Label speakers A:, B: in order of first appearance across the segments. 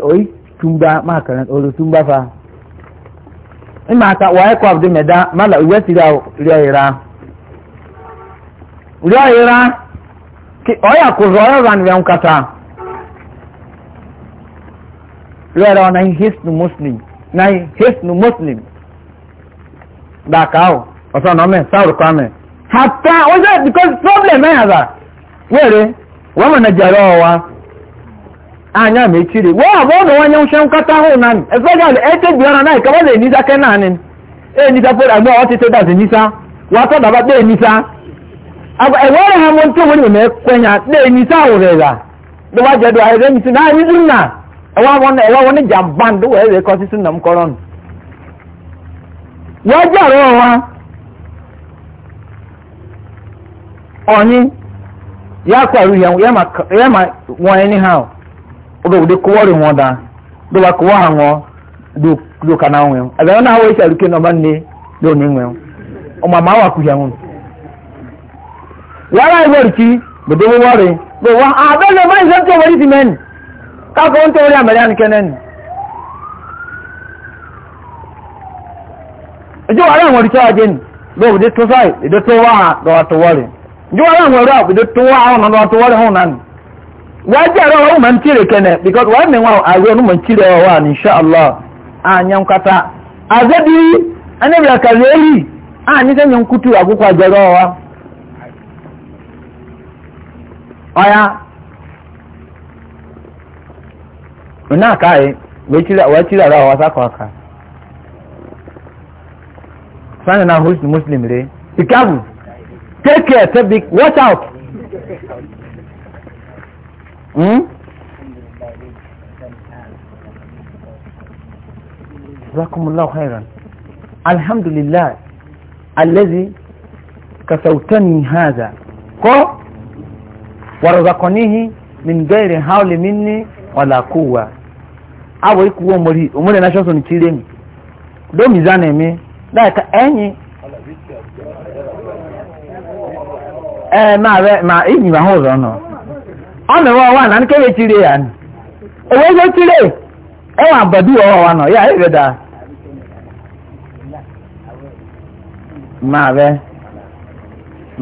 A: oyi tumba ma karan olu tumba fa in ka wa e ko abdi meda mala uwe ti ra ira ri ira ki oya ko ro ran we kata ri ira na hisn muslim na hisn muslim da kao oso no me saur ko me hatta oja because problem eh ada were wa na jaro wa anya mechiri wee abụọ na nwanye nwụcha nkọta ahụ na especially ete biara na ka ọ na-enisa ke naanị enisa pere agba ọtịtị dat enisa wata daba enisa agwa e, ewere ha mụ nwere e, na ekwenya na enisa ahụrịra dụwa jedu ahịrị enisi na anyị nna wee m kọrọ nụ wee onye ya kwaru ya ma nwanyị ha oge de kowari wọn da do kowa hango do do kana wọn aga na hawo isa ruke no man ne do ni wọn o ma ma wa ku ya wọn wala iwor ki bo do wore bo wa a be le mai san to wori ti men ka ko on to wori amarian kenen ejo wala won ri ta ajin do de to sai de to wa do to wore ejo wala won ri do to wa on do to wore hon nan wajara wa man tire kene because wa men wa azo no man tire wa wa insha Allah anyan kata azadi anabi akazeli ani ga nyan kutu agukwa jara wa oya na kai we tire wa tire ra wa sako aka sana na host muslim re ikabu take care take watch out
B: جزاكم
A: الله خيرا الحمد لله الذي كسوتني هذا كو ورزقنيه من غير حول مني ولا قوة awo ikuwo mori omori na shoso ni chire mi do mi zane mi like enyi eh ma re ma enyi ma ho ọmọọwọ ọwa na nkebe chiri ya ni ewe ego chiri ewe abadu ọwọ ọwa nọ ya ebe da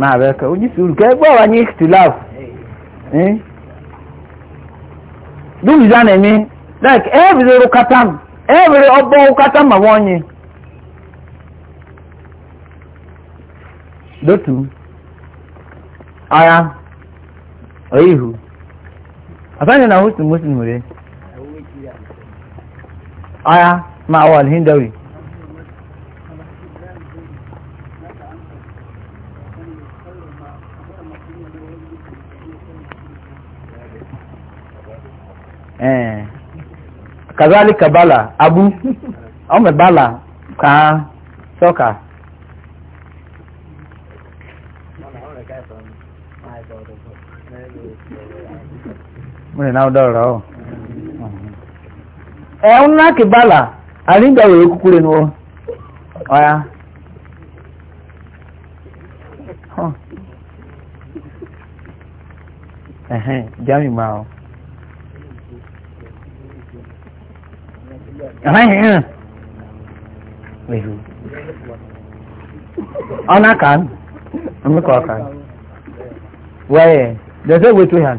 A: maabe ka onye isi uru ka egbe ọwa nye stilaf dubiza na-eme ebiri e ebidoro katam ebiri ọbọ katam ma onye dotu agha oyihu afanye na host muslim re aya ma awal hindawi eh kazalika bala abu ome bala ka soka múlẹ̀ náà dọ̀rọ̀ ọ́ ẹ̀hún náà kì bàlà àríǹdàwò yóò kúkú rẹ̀ nìwọ́ ọ̀yá ẹ̀hẹ́n jámì máa ọ́
B: ẹ̀hẹ́n ẹ̀hẹ́n ọ̀nà
A: kan ọ̀míkọ̀ọ̀kan wẹ́ẹ̀ dẹ̀sẹ̀ wẹ́tú hàn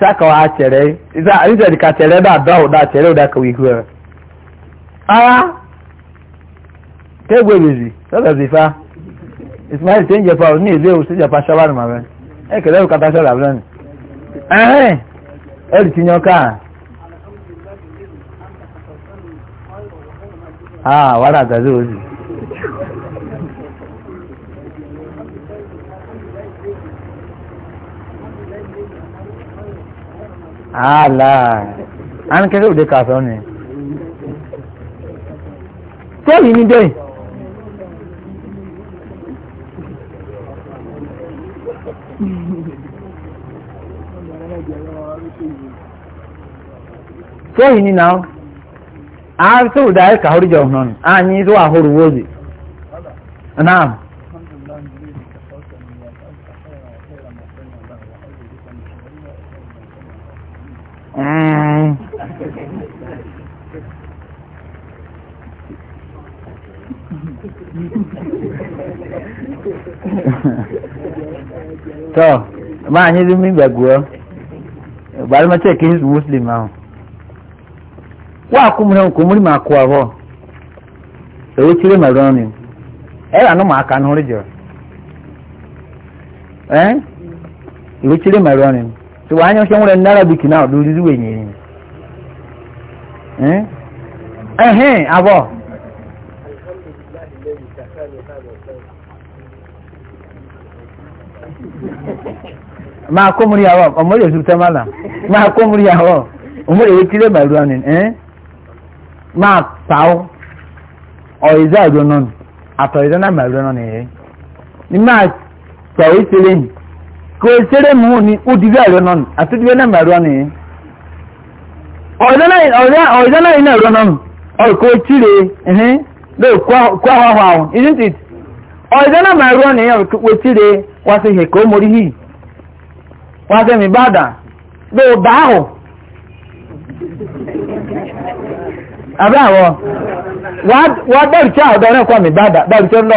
A: saka wa chere isa aliza dika chere da da da chere da ka wiku aya ke gwe bizi sala zifa ismail tenje fa ni ile o sija pa shawar ma ben e ke lewo kata shawar ben eh eh el tinyoka ah wala gazozi ala an kere ude kaso ne tẹ́lì ní dẹ́yìn tẹ́lì ní náà a tó dáyé kàórí jọ náà a ní tó àhóró wóòzì náà to ma anyị zumi gbagbuo gbara mace ke hizbu muslim ahụ kwa akwụmụrụ nke ụmụrụ ma akwụ ahụ ewechiri ma rọnụ ebe anụ aka n'ụrụ Ee. eh ewechiri ma rọnụ ti wàá nyɛ hyɛn wɛrɛ nara bi kina do riri wɛ abụọ maa komori awɔ ɔmori esu tɛma maa komori awɔ ɔmori ewu tire ma maa pawo ɔyɛdze aduonɔ atɔyɛdze na eh? maa pawo kò ìṣeré mú ní ó dìbí àrẹ náà àtúndìbí nàmbà rọ ni ọ̀dọ́ náà iná rọ náà ọ̀kọ̀ tíre ẹ̀hìn ló kó àwọn àwọn isn't it ọ̀dọ́ nàmbà rọ ni ọ̀kọ̀ tíre wá sí ẹ̀kọ́ mórí hì wá sí mi bàdà ló bá àwọ̀ àbẹ́ àwọ̀ wá bẹ̀rù tí àwọ̀ dọ́rẹ́ kọ́ mi bàdà bẹ̀rù tí ó lọ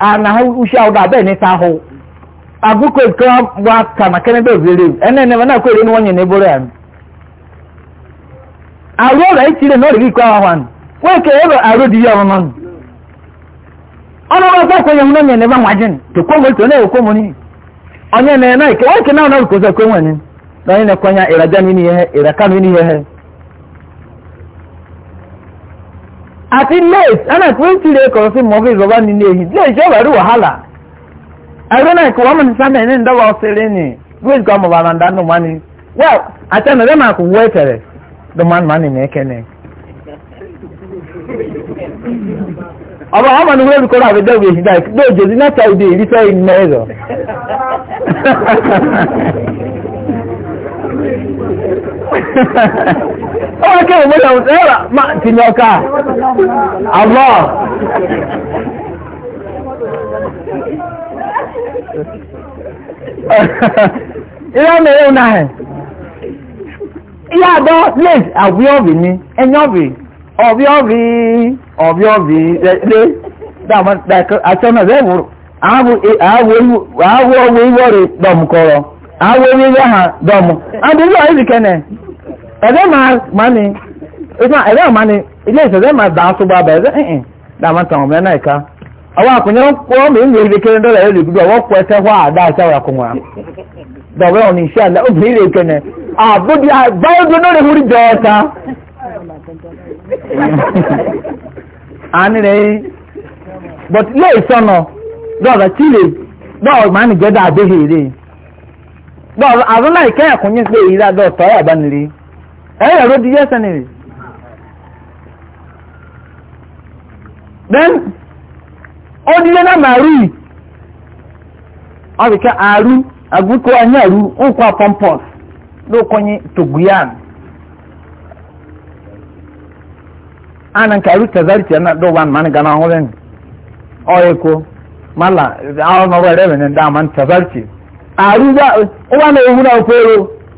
A: a usha uda abe ni saho eke ikra wa kana kene do zele ene ne na ko ire ni wonye ne bore an aro ra itire no ri kwa wan we ke ero aro di yo non ona ba ko ko ye na ne ne ba to ko mo to ko mo ni onye ne na ke wa ke na na ko za ko wani na ne kwanya ni he àti late ẹnà twenty lè kọ̀rọ̀ sí mọ́bí ìzọba nílé yìí lè ṣe ọ̀rọ̀ rí wàhálà ẹgbẹ́ náà kò wọ́n mọ̀ na sámẹ̀ ní ìdọ́wọ́ ṣeré ni wíwèé kọ́ ọmọ bàbá ńdá well àti ẹnà rẹ̀ máa kò wọ́ ẹ̀tẹ̀rẹ̀ ló máa ń máa nìyẹn ẹ̀kẹ́ ọwọ́ kẹrin mọ́tò àwọn ẹ̀rọ máa ti ní ọkà àlọ́. ìyá mi ẹ̀ náà ìyá àdọ́ late àwí ọ̀bì ni ẹ̀yìn ọ̀bì ọ̀bì ọ̀bì ọ̀bì ọ̀bì lé dàmọ́ dàkọ́ àtọ́nà ẹ̀dẹ́ máa máa ní ilé ìṣẹ̀dẹ́ máa dà tó bá bẹ̀rẹ̀ ẹ̀hìn dàmà tàn ọ̀mẹ́ náà ẹ̀ka àkùnyẹ́ wọ́n mi lè rí kéré dọ́là ẹ̀rọ ìgbìgbọ́ wọ́n kọ ẹsẹ̀ wá àdá ẹsẹ̀ wà kùn dọ̀wẹ́ ọ̀nà iṣẹ́ àlẹ́ obìnrin lè kẹ́nẹ̀ àbúdí àgbáwọ́dún lórí jọ but ẹ̀yà ló di yẹ́sẹ̀ nìyí then ó dílé náà màrú yìí ọ̀rìkẹ́ anya àgbíkọ́ nkwa pompous ló kọ́ aru tazari tiyana do wan man gana holen oye ko mala awon ọrọ ẹrẹ bẹni da man tazari ti aru na ewu na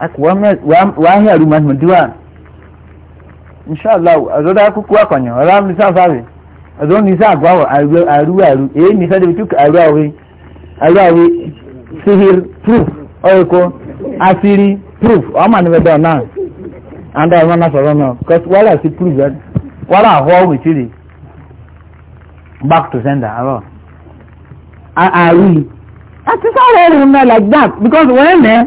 A: wàhíà rú màtí mọ̀tíwà inṣàlá àzọ́dá kúkú àkànyàn ọ̀rá mi sáfàrẹ̀ ọ̀dọ́ ní sá àgbáwọ̀ àrúwà àrú èyí ní sẹ́dẹ̀ tí àrúwà àwẹ̀ sihir proof ọ̀rẹ́kọ́ asiri proof ọmọ ní bẹ́ẹ̀ náà and ọmọ náà sọ̀rọ̀ náà because wàhálà sí proof ẹ̀ wàhálà àhọ́ wìtìrì back to sender àrọ̀ àrú àti sáré rìn mẹ́lẹ̀ like that because wọ́n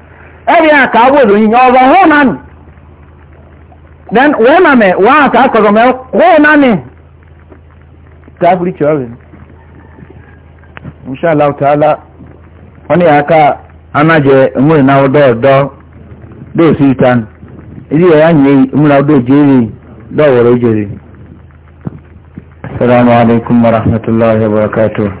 A: ebe ya ka agbodo nyinye ọzọ hụ na nị then wee na me wee aka akọrọ mee hụ na nị gafuri e? chọrọ insha ta'ala wani ya aka anaje nwere na ọdọ ọdọ do si tan ya nye ọdọ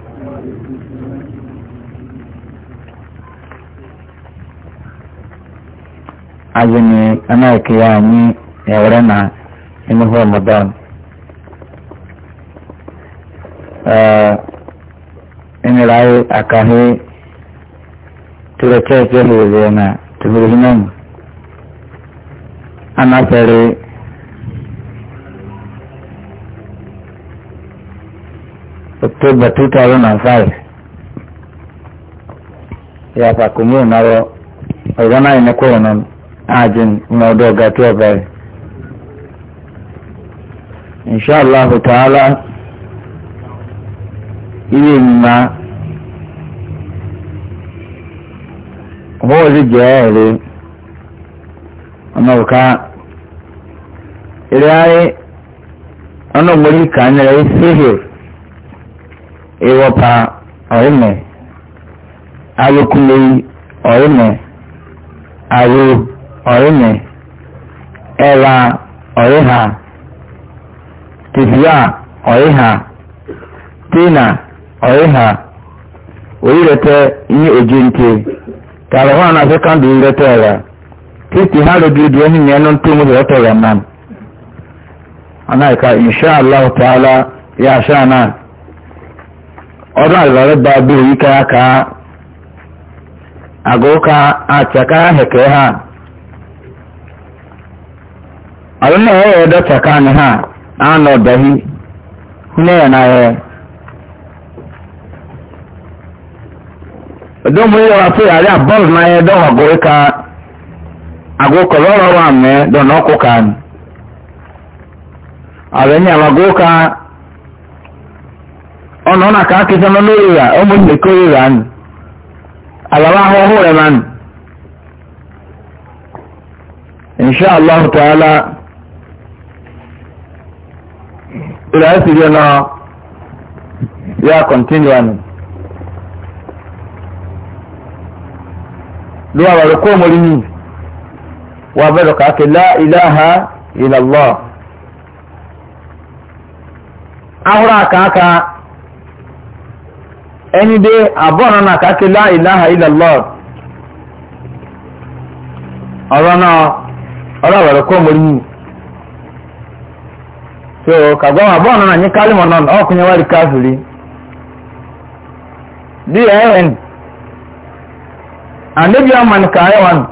A: ajini anaiki yanyi ya urena ini huwa ramadan ini rai akahi tura church yali wazena tubiri hinamu anasari October 2005 ya pakumu naro ọ̀rọ̀ náà yìí ní kúrò náà ajin n'ọdọ ọga tó ọbẹrẹ inshallah taala ilé ìmọ̀ wọ́n sì jẹ́ ẹ̀rẹ́ anyị òka ìrẹ́ ayé ọ̀nà ògbóni kàánilẹ̀ ìfihìr ịwọta ọ̀rẹ́mẹ̀ alókùnlé ọ̀rẹ́mẹ̀ arụ ọ̀rìnì ẹ̀wà ọ̀rìhà tìfìyà ọ̀rìhà tìnà ọ̀rìhà oyirete ní ojú nke tààrà wọn ọrịa sẹ́kàndì ìrẹ́tẹ̀ rẹ̀ kristi ha lójú ìdí ẹni ní ẹnu tó mú ìrẹ́tẹ̀ rẹ̀ mọ́ anáìka inṣàlá ya yà àṣà náà ọrịa àlùbárẹ́ gba achaka ha. abin da ya yarda tsakanin ha na ya na ya ya a na ya don agori ka agoko lọ́rọ̀ wa dọ don ọkụ ka ni enyi ya mago ka ọ̀nà na ka akịta nọ n'oyi ya ụmụ nnekọ yi ya ni ala ahụ ọhụrụ ya ila asiri ya continue anu duwa ba ko mulini wa ka ke la ilaha illa allah ahura ka ka ẹni dé àbọ̀nà náà káàkiri láìláha ilẹ̀ ọ̀rọ̀ náà ọ̀rọ̀ àwẹ̀rẹ̀ kọ́ mọ́rí so kagwama bono na nyikali monon okunye wali kafiri dn anibi amani kayawan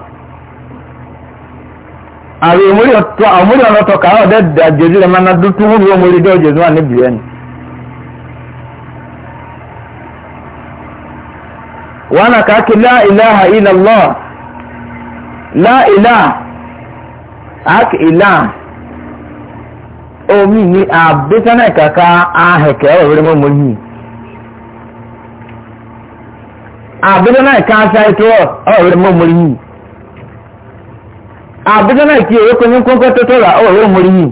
A: abi muri to amuri ono to kayo de da jezire mana dutu hu wo muri do jezu anibi en wana kaki la ilaha illa allah la ilaha ak ilaha omi ni àbẹ́sánà kàkà ahẹ̀kẹ́ ọ̀rẹ́ mọ́ mọ́ yìí àbẹ́sánà kàṣà ètò ọ̀rẹ́ mọ́ mọ́ yìí àbẹ́sánà kí èrè kọyún awa tó tọ́ra ọ̀rẹ́ mọ́ yìí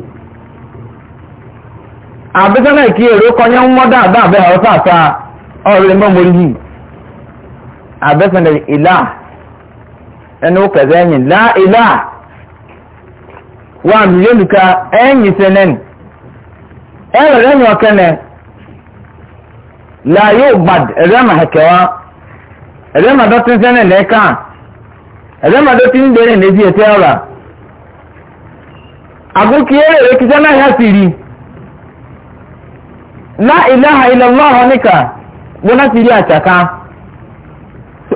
A: àbẹ́sánà kí èrè kọyún mọ́dá àbẹ́ ọ̀sà àṣà ọ̀rẹ́ mọ́ mọ́ yìí àbẹ́sánà ìlà ẹnu kẹ̀zẹ́ ẹ̀yìn láìlà wà ẹ̀rẹ̀ ẹ̀yìn ọ̀kẹ́nẹ̀ la yóò gbad ẹ̀rẹ́mà hẹ̀kẹ́wá ẹ̀rẹ́mà dọ́tí ń sẹ́nẹ̀ lẹ́ẹ̀ká na dọ́tí ń bẹ̀rẹ̀ lẹ́bí ẹ̀tẹ́ ọ̀rà àgókè eré rẹ̀ kìí sẹ́nà yá sí ilaha illallah níkà gbóná sí rí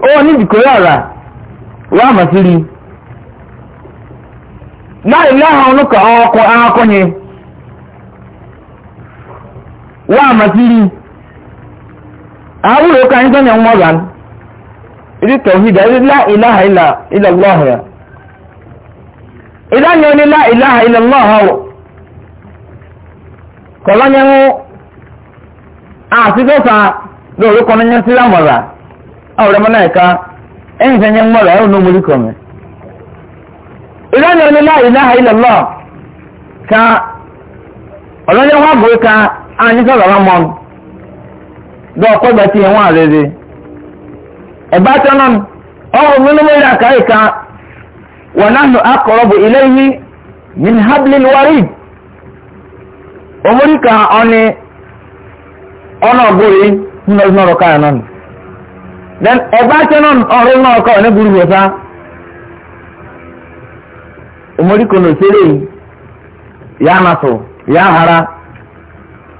A: ó ní ìdìkòrí ọ̀rà wà á sí rí la ilaha ọ̀nùkà ọkọ̀ akọ́nyẹ. wa masiri awuro kan kan yan mo ban idi tauhid la ilaha illa illa allah ya idan yo ni la ilaha illa allah ko la nyu a si do sa do ro ko nyu si la mo ra awre mo na ka en se nyu mo anyị sọrọ mọ dị ọkọ gbati ihe nwa arịrị ebe atọ nọ ọhụrụ mmiri mmiri aka ịka wọnahụ akọrọ bụ ile ihe min hablil warid omori ka ọnị ọnụ ọgụrụ nnọrọ nnọrọ ka ya nọ then ebe atọ nọ ọrụ nnọrọ ka ọ na-eburu weta omori ka ọ na-esere ya na so ya hara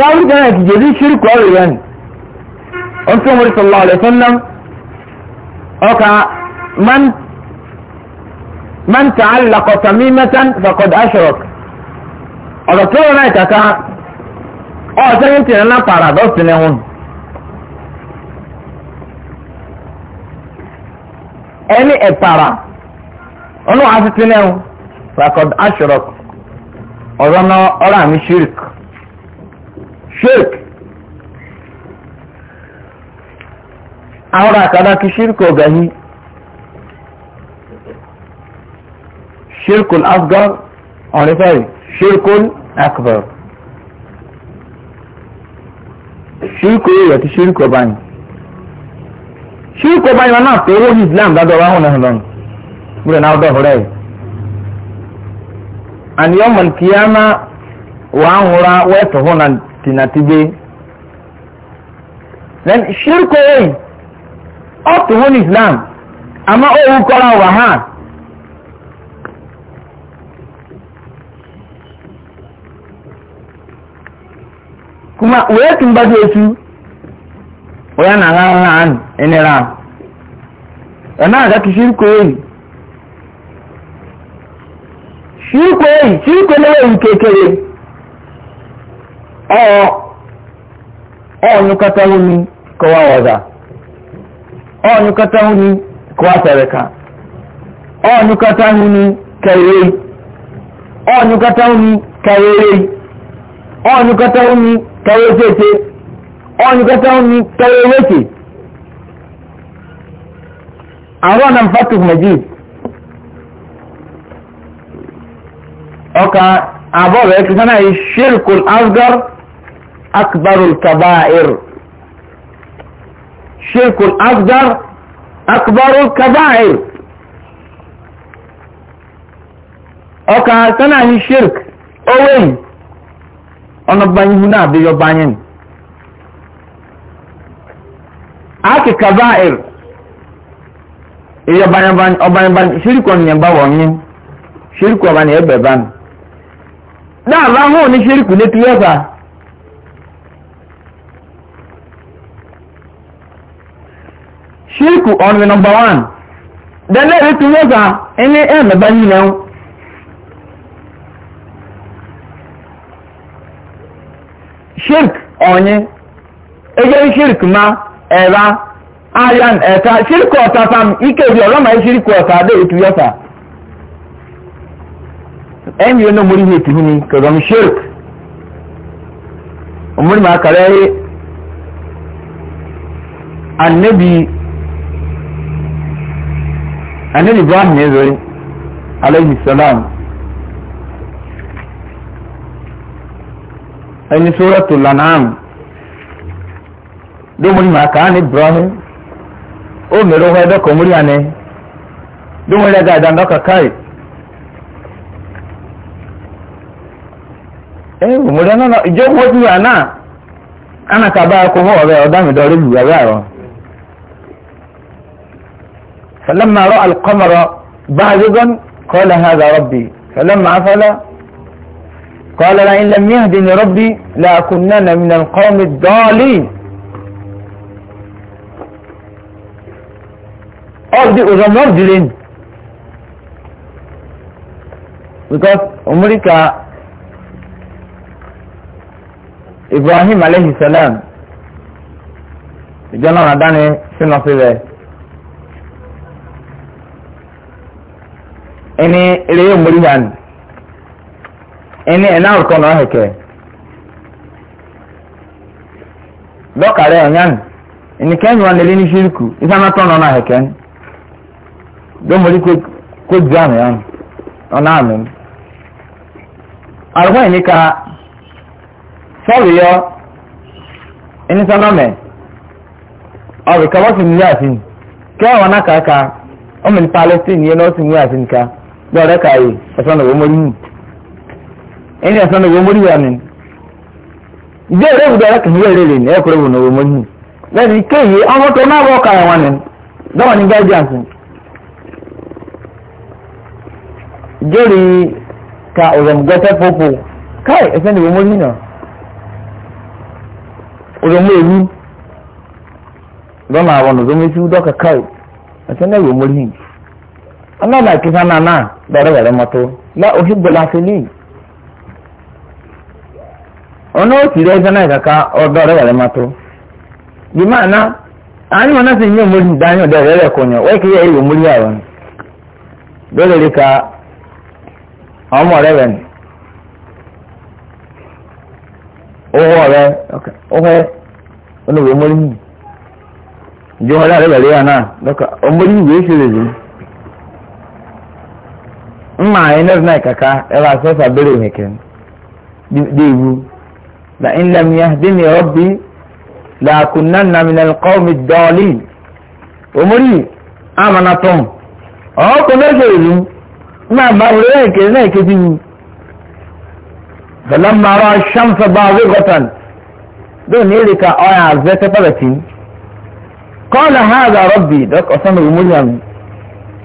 A: kafir gana ki jadi shirku awi yani on tun wuri sallallahu alaihi wasallam oka man man ta'allaqa tamimatan faqad ashrak ọ̀rọ̀ tó wọn náà kàkà ọ̀ sẹ́yìn tìǹà náà paradox ni wọn. ẹni ẹ̀pàrà ọ̀nà àti tìǹà wọn faqad ọ̀rọ̀ náà ọ̀rọ̀ àmì shirku shirk ahora kada ki shirko gahi shirkul asgar or sorry shirkul akbar shirko yóò ti shirko báyìí shirko báyìí wọn náà tó owó islam dáadọ́ wa hùn náà lọ́nà múlẹ̀ náà dọ̀ fúnra yìí àníyàn mọ̀lìkìyàmá wàá hùn ra tinatije then shirk oyi ọtụ hụ n'islam ama owu kọrọ wa ha kuma wee otu etu onye na-agha ha anụ enyere ahụ ọ na-agatu shirk oyi shirk oyi shirk ọnyụkọta unyi kọwa ọza ọnyụkọta unyi kọwa sereka ọnyụkọta unyi kere ọnyụkọta unyi kere ọnyụkọta unyi kere tete ọnyụkọta unyi kere weke arụ na mfatu majid ọka abọ bụ ekesana shirkul asgar akbarul kabair syirkul akbar akbarul kabair oka sana ni syirk owen ono banyi na bi yo banyi aki kabair iyo banyi banyi obanyi banyi syirkul ni mba wonyi syirkul ni ebe banyi da ba ho ni syirkul ni shirku on the number one then let it to yoga any end about you know shirk onye ejere shirk ma ẹ̀ra ayan ẹ̀ka shirk ọ̀tá sam ike bi e ma shirk ọ̀tá adé ètù yọta ẹni yóò nómúrí ihe ètù hìní kẹrọm shirk omuri ma and annabi annabi ibrahim ya zo alaihi salam ẹni suratul lanam domori ma kaa ni ibrahim o mere hɔ ɛdɔ kɔmori ane domori ɛga ɛda ndɔ kakai ɛɛ omori ɛnɔ ijó wo ti wà ana kaba kó hɔ ɔbɛ ɔdá mi dɔrí lu ɛbɛ فلما رأى القمر بعضا قال هذا ربي فلما عفل قال لئن لم يهدني ربي لاكنن من القوم الضالين All was a Muslim because America Ibrahim alayhi salam ìjọ náà dáni sínú ini ile murihan ini ena ko no heke dokare onyan ini kenyu an ile ni shirku isana to no na heke do muri ko ko jam yan ona amin arwa ini ka sorry yo ini sana me awi ka wasu ni yasin ke wana ka ka o min palestine ye no sin yasin ka da raka yi a sanar wa mori mu in ya sanar wa mori wani zai rabu da raka zai rere ne ya kurabu na wa mori mu da ni ke yi an wato na ba kayan wani da wani gajiyansu jeri ka ozamgata popo kai ẹsẹ ni wa mori na ozomu ewu lọ́nà àwọn ozomu ewu dọ́ka kai ẹsẹ ni wa mori mu ọlọ́dà kìsà náà náà bẹ̀rẹ̀ bẹ̀rẹ̀ mọ́tò lọ òṣìgbò láti lì ọ̀nà òsì rẹ̀ ẹ̀sán náà kàkà ọ̀dọ́ rẹ̀ bẹ̀rẹ̀ mọ́tò bí máa ná àánú wọn náà sì yín òmùrí dání ọ̀dọ́ rẹ̀ rẹ̀ kọ̀yàn wọ́n kì í yẹ èyí òmùrí àwọn bẹ́ẹ̀ lè ka ọmọ rẹ̀ rẹ̀ ni owó ọ̀rẹ́ ọ̀fẹ́ oníwèé mọ́rí yìí ìjọba rẹ̀ rẹ̀ rẹ̀ náà ọmọ yìí wèé ṣe lè lè mma enes na kaka eba sasa bere heken dewu la in lam yahdini rabbi la kunanna min alqawmi ad-dhalin omori amana tom o oh, ko na jeju ma ba re ke na ke diwu falamma ra shamsa bazighatan do ne rika aya zata faratin qala hadha rabbi dak asama umuriyam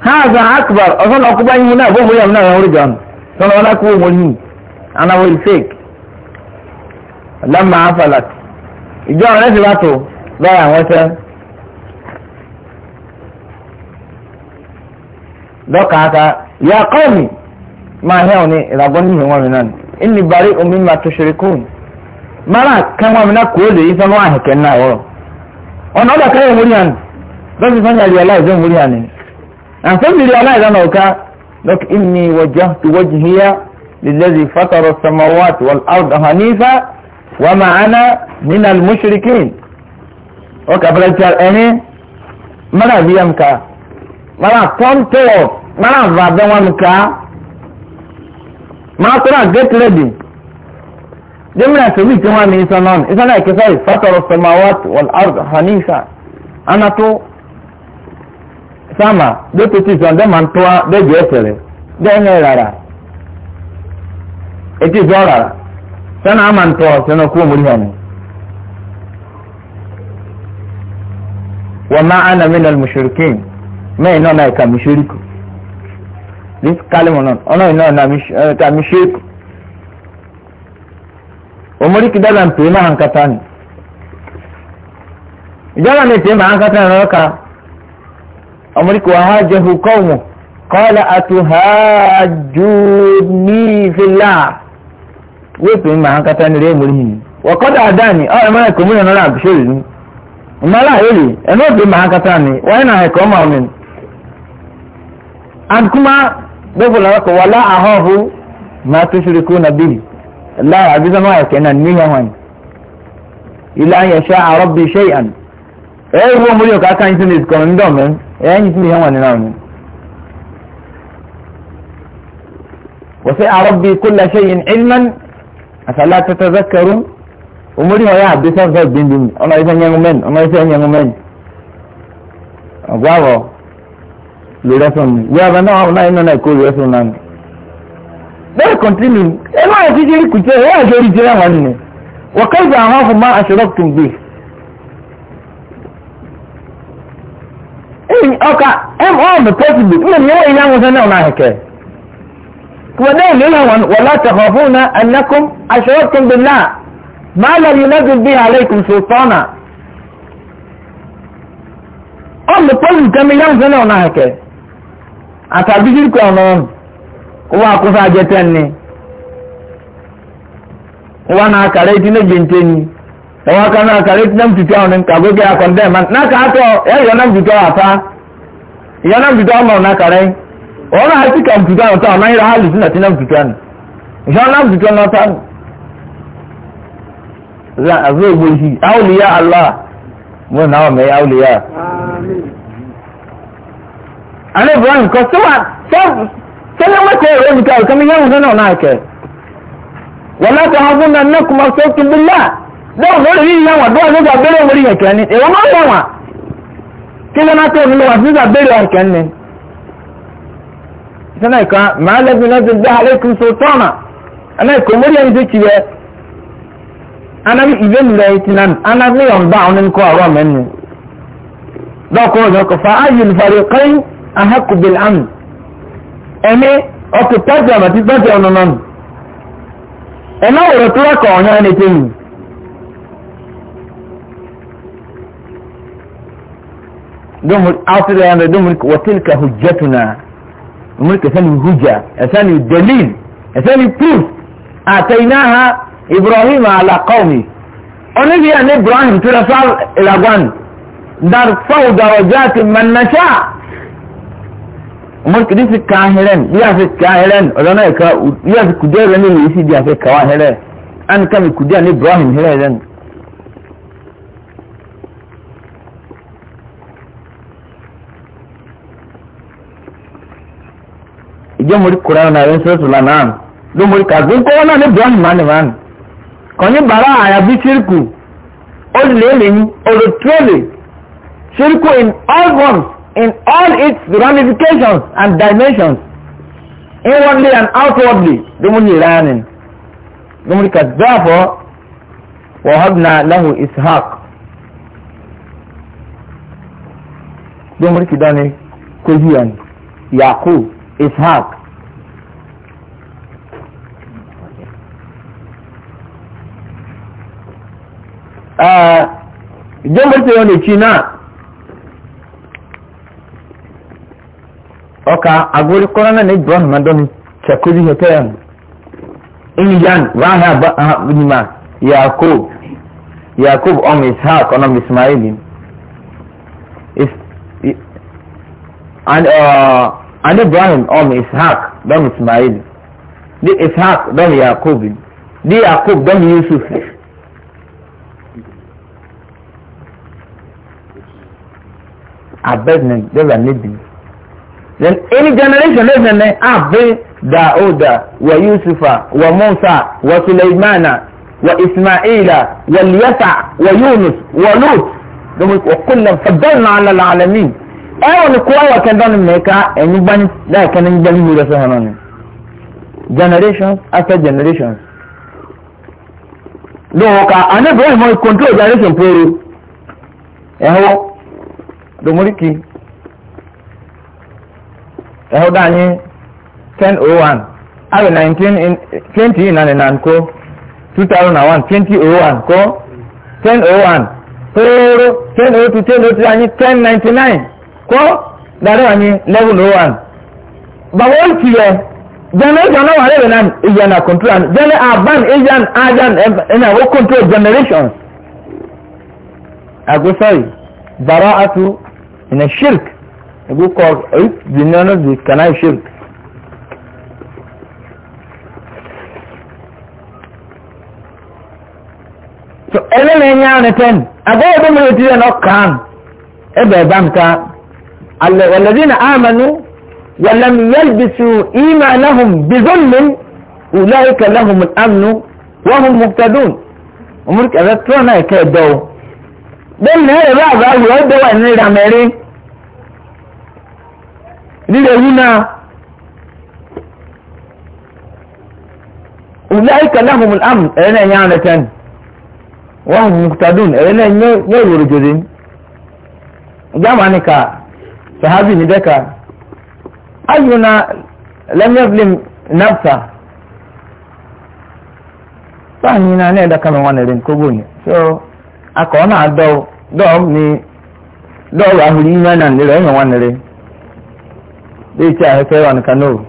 A: haza akbar ọ̀sán ọkùnbá yìí na bó múlẹ̀ na àwọn orí jọ̀ọ́nù sọ́nà wọn kú wọn yìí anáwó ìfẹ́k lọ́mọ afọlàt ìjọ ọ̀rẹ́ ti bá tó lọ́rọ̀ àwọn ẹsẹ̀ aka ya kọ́ọ̀mì ma hẹ́ òní ìràgbọ́n ní ìwọ̀n mi náà ìní bari mara kẹ́wọ́n mi náà kúrò lè yí sọ́nà àfẹ́mìlì aláìlànà ọ̀ká lọ́kì ìní wọjá tó wọ́jì híyá lèlẹ́dì fátọrọ samawat wal arda hanifa wa ma'ana nínà mushrikin ọkà bẹ̀rẹ̀ ẹni mara bíyàm ká mara pọ́ńtọ̀ mara vàdánwàn ká mara tó náà get ready jẹ́mìnà sèmi tí wọ́n ní sọ náà ìsọ́nà ìkẹsẹ́ ìfátọrọ samawat wal arda hanifa anató sama deputy sọ ndé ma ntọ́wa dé jẹ́ ẹsẹ̀rẹ̀ dé ẹ̀yẹ rárá etí zọ́ rárá sẹ́nà ama ntọ́ sẹ́nà kú omi hàn ní. wọ́n máa ana mi nàl mùsùlùkìn mẹ́yìn náà náà e ẹ̀ka mùsùlùkù this kalimu náà ọ̀nà ìnáà eh, náà ẹ̀ka mùsùlùkù. omori kidala mpè náà nkata ni. ìjọba mi tè mà nkata ni أمرك وهاجه قومه قال أتهاجوني في الله ويبين ما هكذا نريه مرهن وقد أداني أو إما يكون من أنا بشير ما لا يلي أنا بين ما هكذا ني وين هيكون مؤمن أن كما بقول لك ولا أهاه ما تشركون به لا عزيز ما يكون نيه وين إلا أن يشاء ربي شيئا أي هو مريك أكان يسني يذكر من دومين ẹ̀yìn tí yẹn wà nínú àwọn wọ́n sẹ́ àrọ́bí kúlẹ̀ ṣe yìí ẹ̀lmán àṣàlá tẹ́tẹ́ zẹ́kẹ̀rú òmùrí wọn yà àbí sọ́fẹ́ gbìndín ọ̀nà iṣẹ́ yẹn mẹ́rin ọ̀nà iṣẹ́ yẹn mẹ́rin ọ̀gbọ́n lórí ẹ̀sùn mi wíwá bá náà náà iná náà kó lórí ẹ̀sùn náà ni. bẹ́ẹ̀ kọ́ntínú ẹ máa ti jẹ́rìí kùtẹ́ ẹ máa ṣe orí jẹ́rìí àwọn nìyẹn wọ́n kẹ́ ọka ẹm ọmọ pọsibu mmiri ni wọn yi yan wọn náà náà kẹ wọn náà lè yàn wọn wọn láti họ fún náà ala aṣọwọ́ tó ń bẹ náà máa lọ yìí lọ́dún bí aleikum sultana ọmọ pọsibu kẹmi yan wọn náà ẹwà kan náà kàrí tí nàmtìtì àwọn ní kàgógé akọ̀ndẹ̀ mà náka atọ ẹ yọ nàmtìtì àwọn àfa ìyọ nàmtìtì àwọn náà nàkàrẹ́ wọn náà ti kàmtìtì àwọn tó àwọn ayé rà hàlùsí nàti nàmtìtì àwọn ìṣọ nàmtìtì àwọn a zai Allah mun nawa mai auliya ale ibrahim ko suma sani mata yau mutu alkami yau zana na
B: dẹ́wọ̀n lórí rí ìyáwà bí wọ́n ní ìgbàgbére orí ẹ̀kẹ́ ni èwọ́n máa ń yàwà
A: kí ló náà tẹ̀wọ̀n lọ́wọ́ sí ìgbàgbére ẹ̀kẹ́ ni. sọ́nà ìka màá lẹ́sìn lẹ́sìn gbé alékún so tọ́nà ẹ̀nà ìkó mórí ẹni tó ti yẹ anabi ìwé ti àwọn ẹni kọ́ ọ̀rọ̀ dọ́kọ̀ fa asiri ya da domin watilka hujjatuna mulka sani hujja sani dalil sani proof atainaha ibrahim ala qaumi oníbi ya ní ibrahim tó rafa ilagwan darfau darajati man nasha mulka disi kahiren biya fi kahiren ọdana ya ka biya fi kudere ne ne isi biya fi kawa here an kami kudere ibrahim here ìjọ mori kura na ẹ̀rọ sọ́sọ́ lànà án ló mori kà gbé kọ́wọ́ náà ní bíọ́nì máa nìwá nì kàn ní bàrá àyà bí sírkù ó lè lè ní ọ̀rọ̀ tírọ̀lì sírkù in all forms in all its ramifications and dimensions inwardly and outwardly ló mori yìí rárá nì ló mori kà dáàbọ̀ wàhábùnà lahu ishaq ló mori kì dání kò yíyan yakub ishaq jẹ́mbẹ́sẹ̀ wọn lè chi náà ọkà agbórí kọ́rọ́ náà ní ibrahim adọ́ni ṣàkóso hẹ́tẹ́rẹ́mù inyan wàhálà bá nìmá yaakov yaakov ọmọ ishaq ọ̀nà ismaili. Is, and, uh, an ibrahim ọmọ um, ishaq dọ́mù ismail di ishaq dọ́mù yakub di yakub dọ́mù yusuf abednan dẹ́gbà níbi then any generation lẹ́sẹ̀ ní abẹ́ daoda wa yusufa wa musa wa suleimana wa ismaila wa liyasa wa yunus wa lut dọ́mù wa kullam fadalna ala alamin. ɛwɔ ne kowa wa kɛntɔn ne mɛka ɛnyi gbani da yɛ kɛnɛ gbani mi lɛsɛ generations after generations dɔw ka ani bɛrɛ mɔ control generation pere ɛhɔ domoriki ɛhɔ da anyi ten o oh one abe nineteen twenty ko two thousand and oh ko ten oh ten two ten three ten ko dare wani level 1 ba wọ́n ti yẹ generation náà wà lẹ́rẹ̀ náà ìyẹn na control and jẹ́lẹ̀ aban asian ajan ẹ̀nà ó control generation àgbo sọ́yì bàrọ̀ àtú ìnà shirk ẹ̀gbọ́ kọ́ èyí di nínú di kanáà shirk. so ẹlẹ́lẹ̀ ń yára ní ten àgbo ọdún mi ò n'ọka yẹ Ebe kàn ẹ̀ bẹ̀ẹ̀ والذين آمنوا ولم يلبسوا إيمانهم بظلم أولئك لهم الأمن وهم مهتدون أمرك أذكرنا كيدو بل هذا بعض أول دواء النيراميري لذلك أولئك لهم الأمن أين يعنة وهم مهتدون أين يورجون جمعنك sahabi ni daka ayuna lam yazlim nafsa sani na ne daka mi wani rin kogo ne so aka wani adọ dọọ ni dọọ ahuri ime na nire ime wani rin bai ce a haifa yawan kano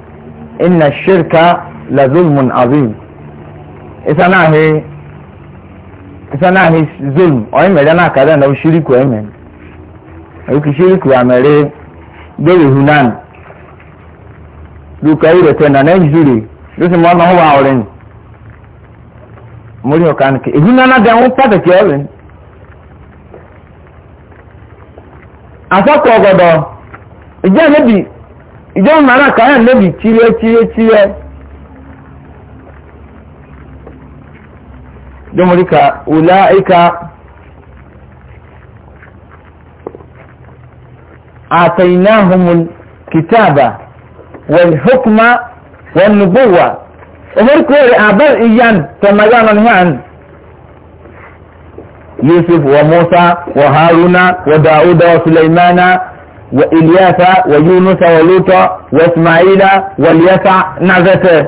A: inna shirka la zulmun azim isa na he isa na he zulm o ime na kada na shiriku ime o ki shiriku amere dẹ́rẹ̀ hunan lùkà yìí rẹ̀ na náà zure lọ́sẹ̀ mọ́ náà wà ọ̀rẹ́ ni mórí ọ̀ka on èyí nana dẹ̀ ń pàtàkì ọ̀rẹ́ ni. mara kàáyà níbi tìrẹ ka atainahumul kitaba wal hukma wan nubuwa umar kore abar iyan tamayan an han yusuf wa musa wa haruna wa dauda wa sulaimana wa ilyasa wa yunus wa luta wa ismaila wa ilyasa nazata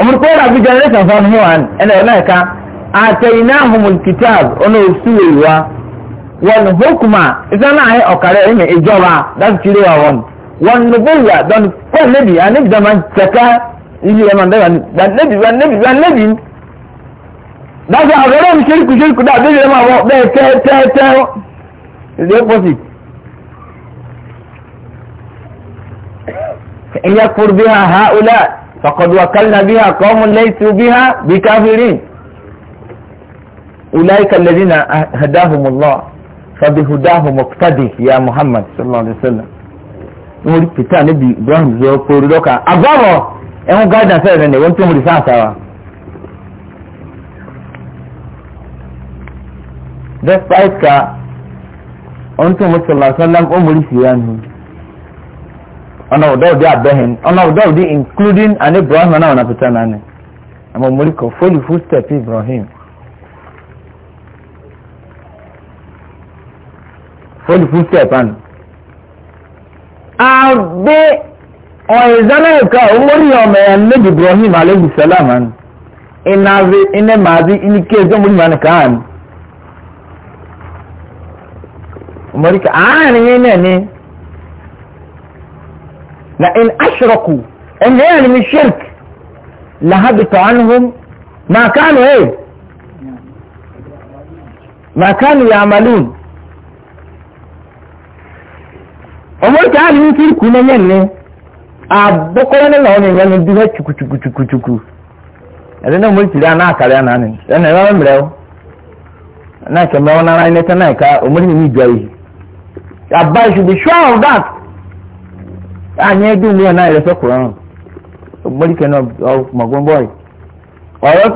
A: umar kore abi generation fan huan ana yana ka atainahumul kitab ono wọn hukuma isa naa yẹ ọkara ẹni ìjọba láti kiri wa wọn wọn nubuwa dọn kọ nebi anabi dama sẹka ibi ẹ ma dẹba ni ba nebi ba nebi ba nebi dasa abẹrẹ mi siriku siriku da bíbí ẹ ma wọ bẹẹ tẹ tẹ tẹ ìdè pọsi. إن يكفر بها هؤلاء فقد وكلنا بها قوم ليسوا بها بكافرين أولئك الذين هداهم الله fabihudahu muktadi ya muhammad sallallahu alaihi wasallam wọn rí peter níbi ibrahim zọ kóoru lọ́kà agbọ́rọ̀ ẹ̀hún guidance ẹ̀rẹ̀ ní wọ́n tó ń rí sáàsà wa. despite ka ohun tó ń wọ́n sọ̀rọ̀ sọ́lá ó mórí sí ya nù ọ̀nà ọ̀dọ́ òde abẹ́hìn ọ̀nà ọ̀dọ́ òde including an ibrahim náà ọ̀nà peter náà ni àmọ́ mórí kọ́ fólì footstep ibrahim. fọ́ọ̀dù fún step and. àbẹ ọ̀ẹ́zánà ẹ̀ka òmórí ọmọ ẹ̀ lẹ́bi ibrahim aleyhi salam ẹ̀ ìnàbí iná màbí iní kí ẹjọ́ mórí màánì káàní. òmórí ká àárín yín náà ni na in ashraku ẹ̀yìn ẹ̀yìn ni shirk lahabitọ̀ anhum màkánù ẹ̀ eh? màkánù yàmàlùn. ọmọdé a ní fi kú ní yẹn ní abọ́kọ́rọ́ ní lọ́wọ́ ní ìyẹn ní bí wọ́n tsukutukutukutuku ẹ̀dẹ́ náà mo tìrì àná àkàrẹ́ àná ni ẹ̀nà ẹ̀rọ mìíràn o náà kẹ̀mẹ́ wọn nára ẹni tẹ́lẹ̀ ká ọmọdé mi ní ìjọ yìí àbá ìṣubú sure of that na ẹ̀dùn mi ọ̀nà ìrẹsẹ̀ kùrọ̀ ọmọdé ọmọgbọ́n ọ̀rọ̀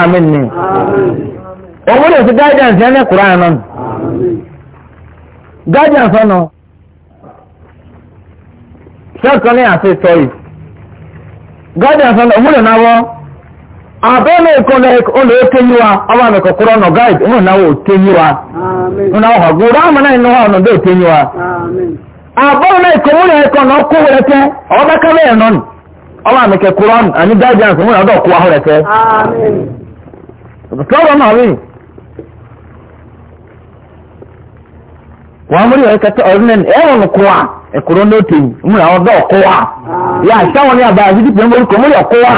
A: náà òmùlò sí guidance ẹni kura ẹ̀ nọ́nù guidance ọ̀nà sẹ́kọ̀ọ́ ní àti sọ́yì guidance ọ̀nà òmùlò náà wọ́ àbẹ́lẹ̀ ìkọlẹ̀ olè tẹ́yí wa ọba mi kọ̀kọ́rọ́ ọ̀nà guide òmùlò náà wò wa
B: ọ̀nà ọ̀họ̀ gbòòrò
A: àmọ́ náà inú ọ̀nà dé tẹ́yí wa àbẹ́lẹ̀ ìkọ̀mùlò ẹ̀kọ́ náà kó ọba kẹ́lẹ́ ẹ̀ nọ́nù ọba mi kẹ̀kọ́rọ́ àní guidance náà wa wàmúrí ẹ̀kẹ́tọ́ ọdún ẹni ẹ̀wọ̀n kọ́wà ẹ̀kúrọ́ n'otu múlò àwọn ọdọ́ ọ̀kọ́wà yà sáwọn ní àbáyé títí pẹ̀lú mórí ya múlò ọ̀kọ́wà.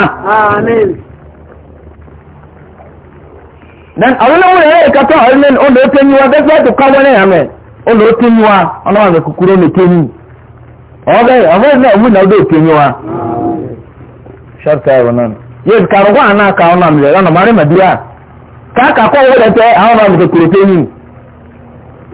A: then àwọn ọmọ rẹ̀ ẹ̀kẹ́tọ́ ọdún ẹni otu ẹni wa bẹ́ẹ̀ tó otu ẹni wa ọlọ́wọ́n mi kúkúrú ní otu ẹni ọbẹ̀ ọbẹ̀ na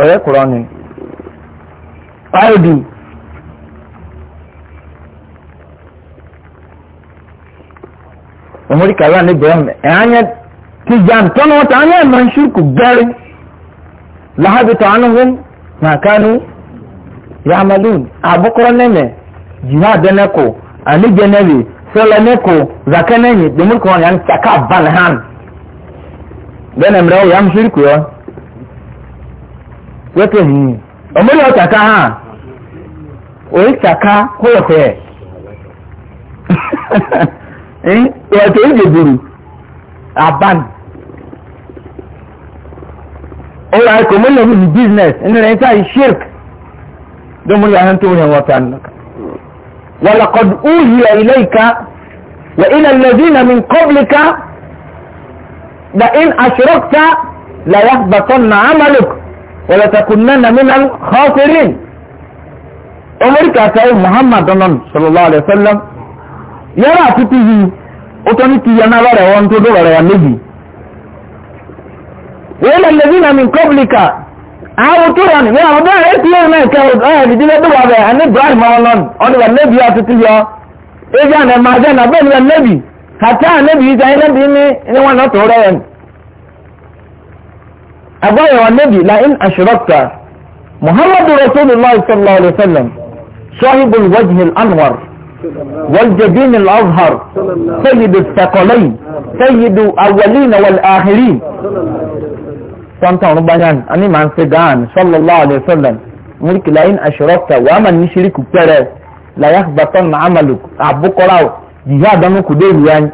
A: ọ̀rẹ́ kùránì áìdì òmùrí kàlá ní bẹ̀rẹ̀ ẹ̀ ányẹ tìjà ntọ́nà wọ́n ta ányẹ ẹ̀mọ̀ nṣúrùkù bẹ́rẹ̀ làhábìtọ̀ ànúhùn nàkánú yàmàlùn àbúkọ́ nẹ́mẹ̀ jihad ẹnẹ́kọ̀ àníjẹ́nẹ́rì sọlẹ̀ ẹnẹ́kọ̀ zakẹ́nẹ́yìn dèmúrùkù wọn yà ń sàkà bàlẹ̀ bẹ́ẹ̀ nà mìíràn yà ń ṣúrùkù yọ wẹ́pẹ̀ yìí ọmọdé ọ̀tàká hàn orí tàká kúrẹ̀kúrẹ̀ ẹ̀tọ́ ìdìbòrò àbán ọ̀rọ̀ àìkọ̀ mọ́lẹ̀ ní ní business ní rẹ̀ níta ìṣirk dọ́mọ́ yà hàn tó rẹ̀ wọ́n tàn wàlàkọ̀dù úyìí ilẹ̀ ìka wà ilẹ̀ lẹ́dínà mi kọ́blìka da in ashirokta la yàgbàtọ̀ na amaluk ولتكونن من الخاسرين أمريكا تأي محمد صلى الله عليه وسلم yàrá àtútù yìí ó tọ́ ní ti yaná lára ẹ̀wọ́n tó dọ̀rọ̀ ẹ̀yà méjì wọ́n lè lèbi nàmi kọ́bùlìkà àwọn tó yà ní wọ́n àwọn bẹ́ẹ̀ ẹ̀kú yóò náà kẹ́ ọ̀hún ẹ̀dìdì lẹ́dọ̀ wà bẹ́ẹ̀ ẹni ibrahim ọlọ́n ọdún wà lẹ́bi agbáyọ̀ anábì láìn àṣírọ́kà muhammadu rasulillah sallallahu alayhi wa sallam sọ́hìbù wajhi anwar والجبين الأظهر سيد الثقلين سيد الأولين والآخرين sọ́ntàn ọ̀rún báyán a ní máa ń ṣe gáàn sọ́lọ́lá àlẹ́sọ́lẹ̀ múríkì láyín àṣírọ́pta wà á máa ní ṣíríkù pẹ́rẹ́ láyá bàtàn àmàlù àbúkọ́lá yìí àdánù ìlú yẹn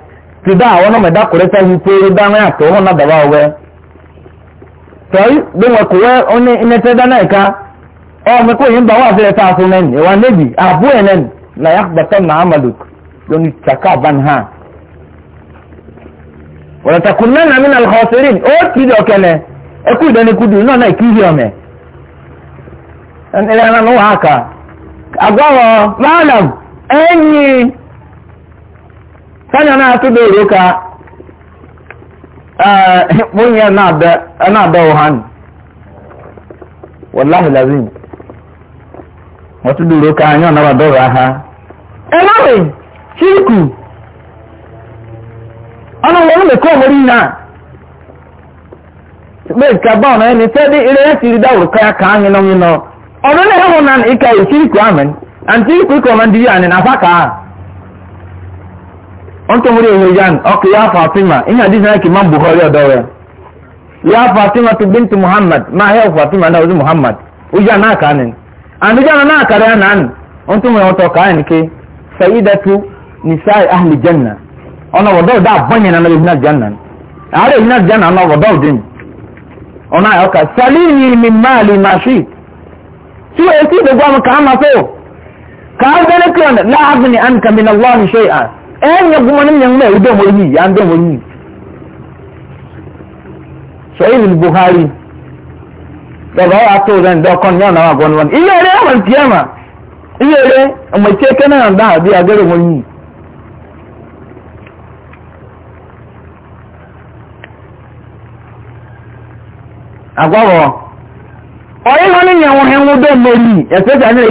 A: ti dá àwọn ọmọ ẹ̀dá yìí pé dáná àtọ̀ wọn náà dàbà ọ̀wẹ́ tọ́yí bí wọn kò wẹ́ ọ́nà ẹnẹ́tẹ́dá náà ká ọmọ kò yín bá wà sílẹ̀ tá a fún nẹ́ni ìwà níbi àbú ẹ̀ nẹ́ni bàtà ban ha. wọ́n takùn náà nàmi nà lọ́sẹ̀rìn ó ti di ọ̀kẹ́lẹ̀ ẹkú ìdánikudu náà náà kí yíyọ mẹ́. ẹnìyàrá ló wà á kà ẹ̀yìn sani àtúndò mun yi ana da wallahi lazim wata duro ka hanyar na ba dora ha ɗanawe shirku ana wani mai na bai ka ba na yanayi sai ire ya siri dawur kaya ka hanyar na wani na ọdún na yawon na ika yi shirku amin an na faka on to muri ehe jan ok ya fatima in hadisi na kiman bukhari odowe ya fatima tu bintu muhammad ma ya fatima na uzu muhammad uja na kanin an uja na kare nan on to muri oto kan ke sayyidatu nisa'i ahli janna ona wodo da banye na nabi na janna are ina janna na wodo din ona ya ka salini min mali ma shi shi e wa yake da gwa maka amma so ka ga ne kan la abni anka min allah shay'a ẹ̀yìn ẹgbùnmọ́ ní ìyẹn mẹ́rin dẹ̀mọ́ yìí ya ń dẹ̀mọ́ yìí sọ̀yìn buhari dọ̀bà wà tó rẹ̀ ǹdọ́kọ́n ní ọ̀nà àgọ́nù wọn iye eré àwọn tí ẹ̀mà iye eré ọmọ ìtí ẹkẹ́ a ní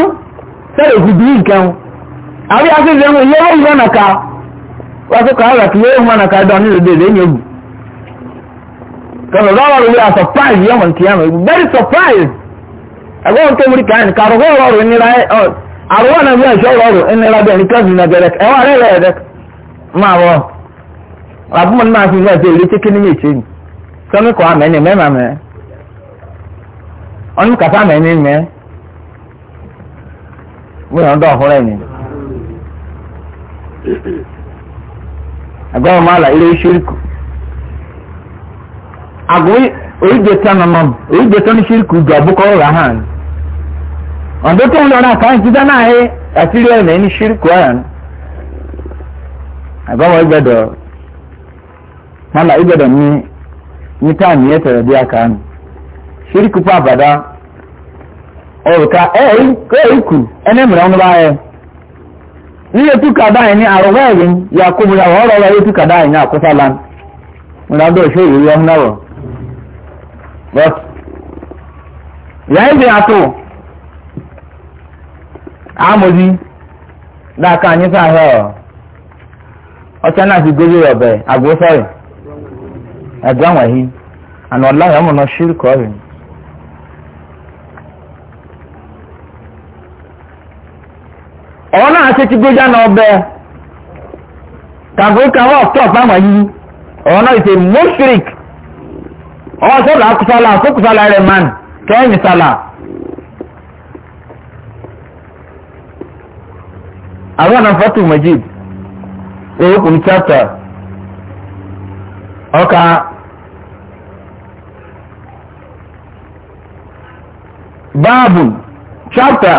A: ìṣirò sẹ́rẹ̀ òkùdúrú ìkẹun àwọn akéde ẹ̀hún ilé wọ́n yọ nàka wọ́n tó kàá rẹ̀ kí yóò mọ nàka dán nílò dèdè ẹ̀yìn ògùn kọ̀ọ̀dọ̀ wọ́n rẹ̀ wíwá surprise yọ̀ wọ́n kìíyàn very surprise ẹ̀gbọ́n tó múri kàn ní kàrọ̀ nira ẹ̀ àrùwọ̀n náà wíwá ìṣọ́ rọrùn nira mo yàn dọ̀ ọhụrụ rẹ̀ ni. agbọ́n máa là ilé ṣíríkù àgọ́ oríjẹta nànà oríjẹta ní ṣíríkù ju àbúkọ́ ọ̀rọ̀ hàn ọ̀dọ́ tó ń lọ náà kàn àti ẹ̀mẹ́ ní ní ní táàmì ọ̀rùka ẹ̀ẹ́kù ẹnẹ́mìíràn ọ̀nà báyẹ̀ ihe ètùkà dáì ní àrùwá ẹ̀yìn yakubu ya wọ́n rọrọ ètùkà dáì ní àkúsálà múnadọ́ ìṣe ìrírí ọ̀hún náà but yàá ìdí àtò anyi sa ọ̀ ọ̀chá náà ti gbélé ọ̀bẹ àgbósọ̀rì ẹ̀gbọ́n wọ̀nyí àná ọ̀la yẹn mọ̀ ka ọ̀wọ́n náà ṣe ti gbéjá náà ọbẹ̀ kàgbéka wọ́n tọ̀ fáwọn yìí ọ̀wọ́n náà ṣe mọ́ṣírík ọ̀wọ́n sọ̀rọ̀ akúsálà fókùsálà rẹ̀ man kẹ́yìn sálà. àwọn náà fọ́tò mọ̀jìd èyí kò ní chapter ọkà. Báàbù chapter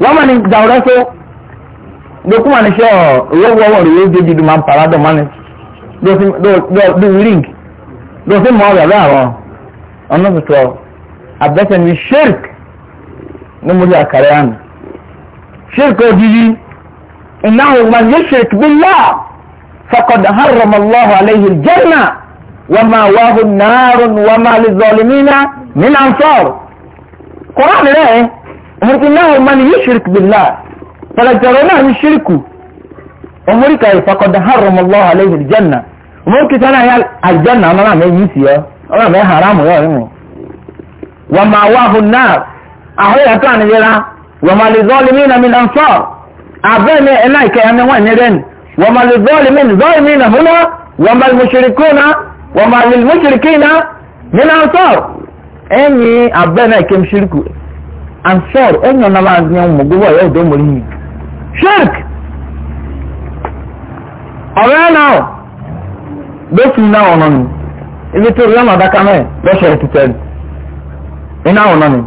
A: wọ́n mọ̀ ní dàwọ́rẹ́ so lókùn mà ní sọ owó wọ́wọ́ rẹ̀ yóò débi dùn máa ń para dùn mọ́ni dùn ring dùn sí mọ́ ọ̀rẹ́ àwọn ọ̀nà tuntun abẹ́sẹ̀ ní shirk ní mo lè àkàrẹ́ àná shirk òjijì ìnáwó ma yẹ shirk bí lá fakọ̀d haramallahu alayhi janna wọ́n máa wáhùn náírà wọ́n máa lè zọlímínà nínú ansọ́ọ̀rù kọ́ra nìyẹn ẹ̀rìnkìláwò mani yóò ṣirikù bìlá pàlàjọ̀rọ̀ náà ní ṣirikù ọmọríkà ìfakọ̀dà haram allah alayhi aljanna ọmọríkà sára yà aljanna ọmọ náà mẹ́yìn sí ọ ọmọ náà mẹ́yìn haram yọ ọ̀rẹ́ wọn. wà máa wá hun náà àwọn èèyàn tó àníyẹra wà máa lè zọ́ọ̀lì mí na mi náà sọ abẹ́ mi ìkẹyà mi wà nírẹ́ ẹ̀yìn abẹ́ náà ansar ẹ̀yàn náà máa gbìyànjú mọ̀gbọ́wọ́ ẹ̀yà ọ̀dọ́ mọ̀rí yìí shirk ọ̀rẹ́ náà bẹ́sùn náà ọ̀nà ni ibi tó rí ọ̀nà àdáká náà lọ́sọ̀ ètùtẹ̀ iná ọ̀nà ni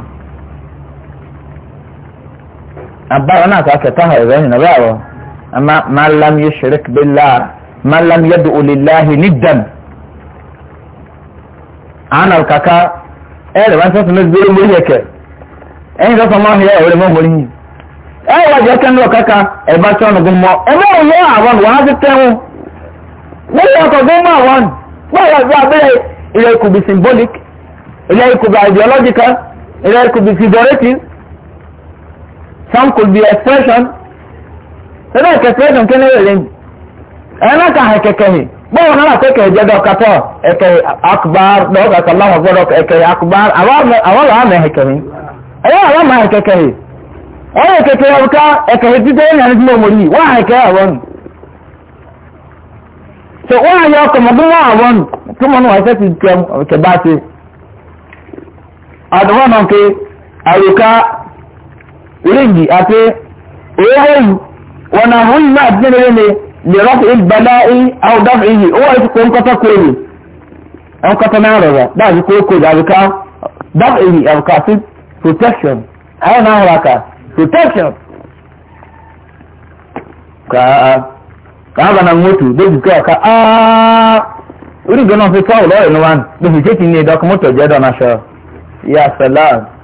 A: àbára náà kà kẹta ha ẹ̀rọ ẹ̀yìn náà wọ̀ ama máa lam yẹ shirk bẹ́lá máa lam yẹ dùn òlè láàhì ní dàn ẹ̀yìn lọ́sọ̀ máa hìyà ẹ̀wẹ̀rẹ̀ mọ́ wọlé yìí ẹ jẹ́ kẹ́ńdọ̀ kaka ẹ̀bá tí ọ̀nà gbọmọ ẹ̀mọ́ òun àwọn wà ti tẹ́wọ̀n wọ́n yọ ọkọ̀ gbọmọ àwọn wọ́n abẹ́rẹ́ ilẹ̀ symbolic ilẹ̀ ideological ilẹ̀ some could be expression nke expression kí ni ó lè kẹ̀kẹ́ yìí náà kẹ́kẹ́ ìjẹ́ dọ́kátọ́ ẹ̀kẹ́ dọ́kátọ́ láwọn gbọ́dọ̀ ẹ̀kẹ́ àwọn làwọn mi. ẹ̀yà àwọn máa kẹ̀kẹ́ yìí wọ́n yẹ kẹ̀kẹ́ ọ̀ká ẹ̀kẹ́ títẹ́ ẹ̀yà ní mọ̀ mọ̀rí wọ́n á kẹ́ àwọn so wọ́n á yọ ọkọ̀ wọn àwọn tó mọ̀ náà ẹ̀fẹ́ ti kẹ́m ọ̀kẹ́ bá ṣe àdúgbò náà pé àròká wọn àwọn yìí náà dín lórí ni lè rọ́pò ìgbàlá àwùdáfù iyì owó àti kó ń kọ́tọ́ kórè ẹ̀ náà rọ̀rọ̀ dáàbí kó kórè àròká dáàbì iyì àròká protection ayé náà wà ká protection kaa kaaba na moto lójú kí ọ̀ka aaa orí ìgbẹ́ náà fi tọ́wọ̀ lọ́rẹ̀ ní wa ní fi tètè ní ìdọ́kọ̀ mọ́tò jẹ́ dọ́nà aṣọ yà sẹ́láà.